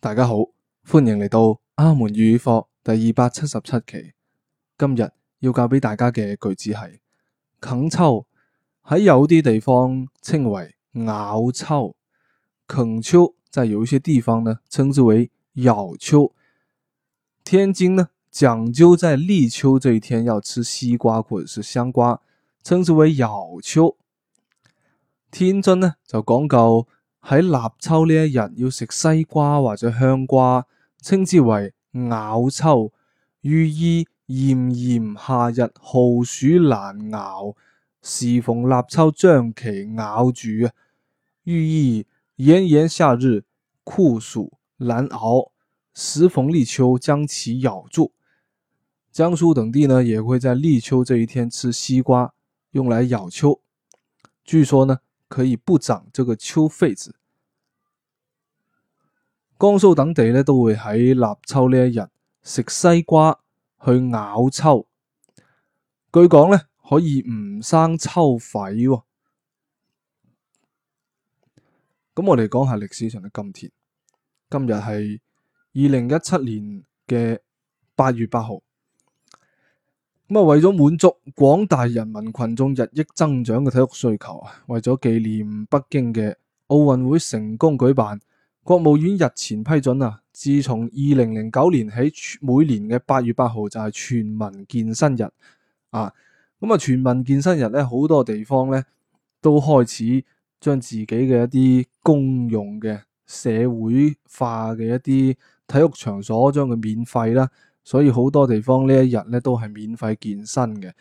大家好，歡迎嚟到阿門粵語課第二百七十七期。今日要教俾大家嘅句子係啃秋，喺有啲地方稱為咬秋。啃秋就係有一些地方呢，稱之為咬秋。天津呢講究在立秋這一天要吃西瓜或者是香瓜，稱之為咬秋。天津呢就講究。喺立秋呢一日要食西瓜或者香瓜，稱之為咬秋，寓意，炎炎寓意炎炎夏日酷暑難熬，時逢立秋將其咬住啊，寓意炎炎夏日酷暑難熬，時逢立秋將其咬住。江蘇等地呢也會在立秋這一天吃西瓜，用來咬秋，據說呢可以不長這個秋痱子。江蘇等地咧都會喺立秋呢一日食西瓜去咬秋，據講咧可以唔生秋痱，哦。咁我哋講下歷史上嘅今天，今日係二零一七年嘅八月八號。咁啊，為咗滿足廣大人民群眾日益增長嘅體育需求，為咗紀念北京嘅奧運會成功舉辦。國務院日前批准啊，自從二零零九年起，每年嘅八月八號就係全民健身日啊！咁啊，全民健身日咧，好多地方咧都開始將自己嘅一啲公用嘅社會化嘅一啲體育場所，將佢免費啦。所以好多地方呢一日咧都係免費健身嘅。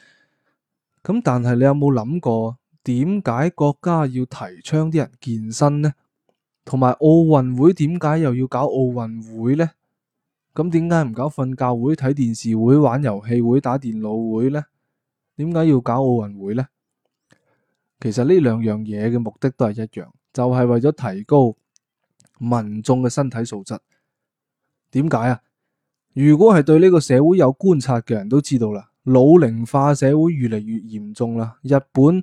咁但係你有冇諗過點解國家要提倡啲人健身咧？同埋奧運會點解又要搞奧運會呢？咁點解唔搞瞓覺會、睇電視會、玩遊戲會、打電腦會呢？點解要搞奧運會呢？其實呢兩樣嘢嘅目的都係一樣，就係、是、為咗提高民眾嘅身體素質。點解啊？如果係對呢個社會有觀察嘅人都知道啦，老齡化社會越嚟越嚴重啦。日本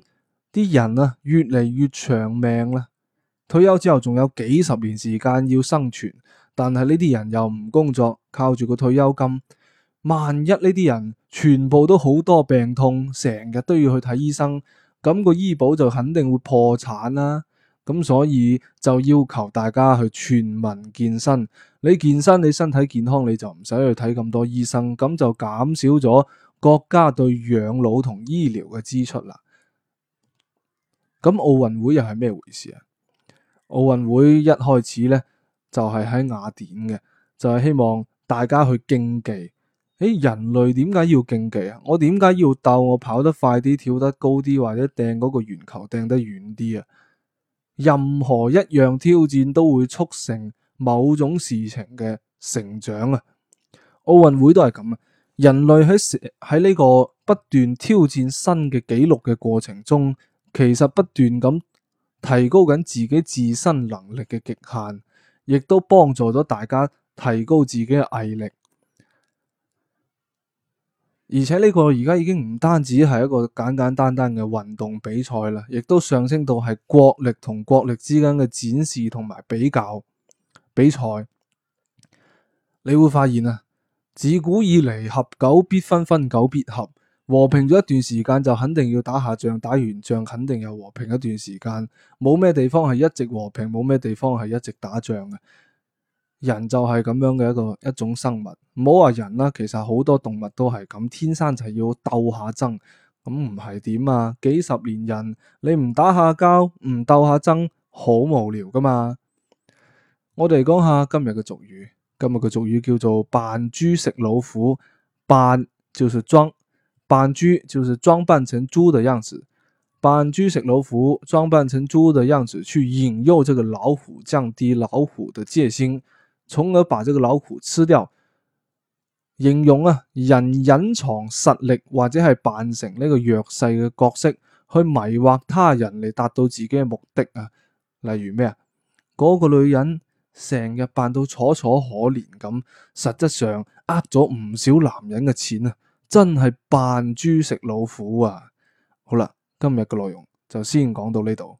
啲人啊，越嚟越長命啦。退休之後仲有幾十年時間要生存，但係呢啲人又唔工作，靠住個退休金。萬一呢啲人全部都好多病痛，成日都要去睇醫生，咁個醫保就肯定會破產啦。咁所以就要求大家去全民健身。你健身，你身體健康，你就唔使去睇咁多醫生，咁就減少咗國家對養老同醫療嘅支出啦。咁奧運會又係咩回事啊？奧運會一開始咧，就係喺雅典嘅，就係希望大家去競技。誒，人類點解要競技啊？我點解要鬥？我跑得快啲，跳得高啲，或者掟嗰個圓球掟得遠啲啊？任何一樣挑戰都會促成某種事情嘅成長啊！奧運會都係咁啊！人類喺喺呢個不斷挑戰新嘅紀錄嘅過程中，其實不斷咁，提高緊自己自身能力嘅極限，亦都幫助咗大家提高自己嘅毅力。而且呢個而家已經唔單止係一個簡簡單單嘅運動比賽啦，亦都上升到係國力同國力之間嘅展示同埋比較比賽。你會發現啊，自古以來，合久必分，分久必合。和平咗一段時間就肯定要打下仗，打完仗肯定又和平一段時間，冇咩地方係一直和平，冇咩地方係一直打仗嘅。人就係咁樣嘅一個一種生物，唔好話人啦，其實好多動物都係咁，天生就係要鬥下爭，咁唔係點啊？幾十年人，你唔打下交唔鬥下爭，好無聊噶嘛。我哋講下今日嘅俗語，今日嘅俗語叫做扮豬食老虎，扮就是裝。扮豬就是裝扮成豬的樣子，扮豬食老虎，裝扮成豬的樣子去引誘這個老虎，降低老虎的戒心，從而把這個老虎吃掉。形容啊，人隱藏實力或者係扮成呢個弱勢嘅角色去迷惑他人嚟達到自己嘅目的啊。例如咩啊？嗰個女人成日扮到楚楚可憐咁，實質上呃咗唔少男人嘅錢啊。真係扮豬食老虎啊，好啦，今日嘅內容就先講到呢度。